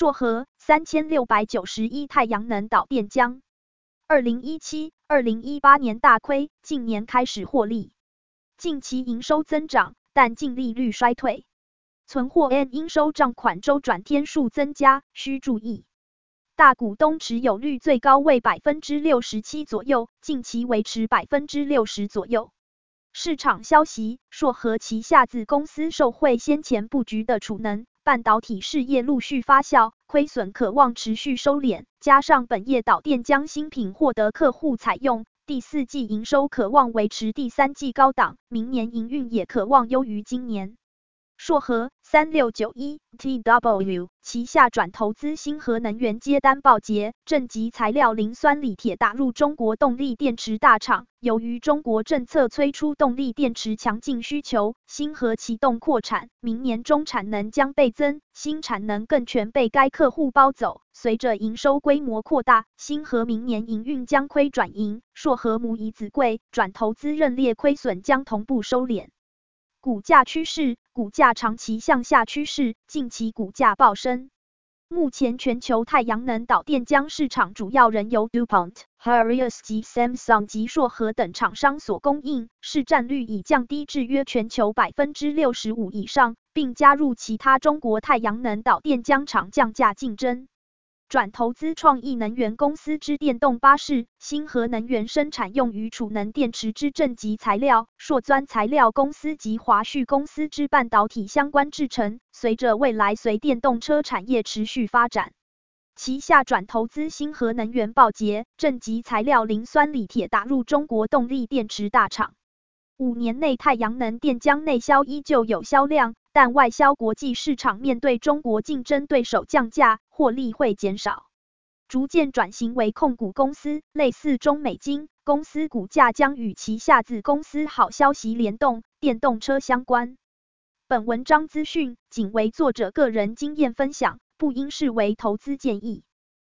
碩禾三千六百九十一太陽能導電漿二零一七、二零一八年大虧，近年開始獲利。近期營收增長，但淨利率衰退，存貨、N 應收賬款週轉天數增加，需注意。大股東持有率最高為百分之六十七左右，近期維持百分之六十左右。市場消息：碩禾旗下子公司受惠先前布局的儲能。半導體事業陸續發酵，虧損可望持續收斂，加上本業導電漿新品獲得客戶採用，第四季營收可望維持第三季高檔，明年營運也可望優於今年。碩禾三六九一 TW 旗下轉投資星禾能源接單報捷，正極材料磷酸鋰鐵打入中國動力電池大廠。由於中國政策催出動力電池強勁需求，星禾啟動擴產，明年中產能將倍增，新產能更全被該客戶包走。隨着營收規模擴大，星禾明年營運將虧轉盈。碩禾母以子貴，轉投資認列虧損將同步收斂。股價趨勢。股價長期向下趨勢，近期股價暴升。目前全球太陽能導電漿市場主要仍由 DuPont、Heraeus 及 Samsung 及碩禾等廠商所供應，市占率已降低至約全球百分之六十五以上，並加入其他中國太陽能導電漿廠降價競爭。轉投資創意能源公司之電動巴士，星河能源生產用於儲能電池之正極材料，碩鑽材料公司及華旭公司之半導體相關製程。隨着未來隨電動車產業持續發展，旗下轉投資星河能源報捷，正極材料磷酸鋰鐵，打入中國動力電池大廠。五年內，太陽能電漿內銷依舊有銷量，但外銷國際市場面對中國競爭對手降價，獲利會減少，逐漸轉型為控股公司，類似中美晶，公司股價將與旗下子公司好消息聯動，電動車相關。本文章資訊僅為作者個人經驗分享，不應視為投資建議。